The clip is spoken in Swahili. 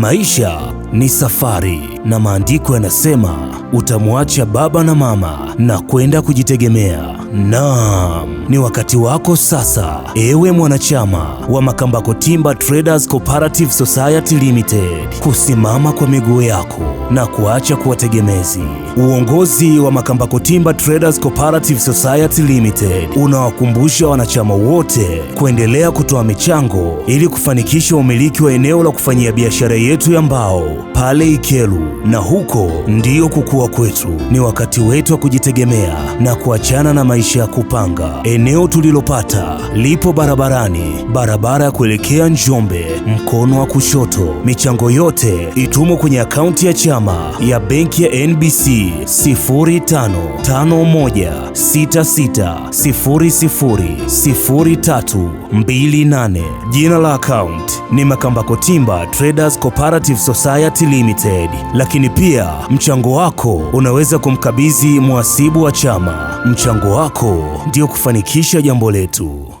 Maisha ni safari na maandiko yanasema utamwacha baba na mama na kwenda kujitegemea. Naam, ni wakati wako sasa, ewe mwanachama wa Makambako Timber Traders Cooperative Society Limited, kusimama kwa miguu yako na kuacha kuwa tegemezi. Uongozi wa Makambako Timber Traders Cooperative Society Limited unawakumbusha wanachama wote kuendelea kutoa michango ili kufanikisha umiliki wa eneo la kufanyia biashara yetu ya mbao pale Ikelu, na huko ndiyo kuku kuwa kwetu ni wakati wetu wa kujitegemea na kuachana na maisha ya kupanga. Eneo tulilopata lipo barabarani, barabara ya kuelekea Njombe mkono wa kushoto. Michango yote itumwe kwenye akaunti ya chama ya benki ya NBC 055166000328. Jina la akaunti ni Makamba Kotimba Traders Cooperative Society Limited. Lakini pia mchango wako unaweza kumkabidhi mhasibu wa chama. Mchango wako ndio kufanikisha jambo letu.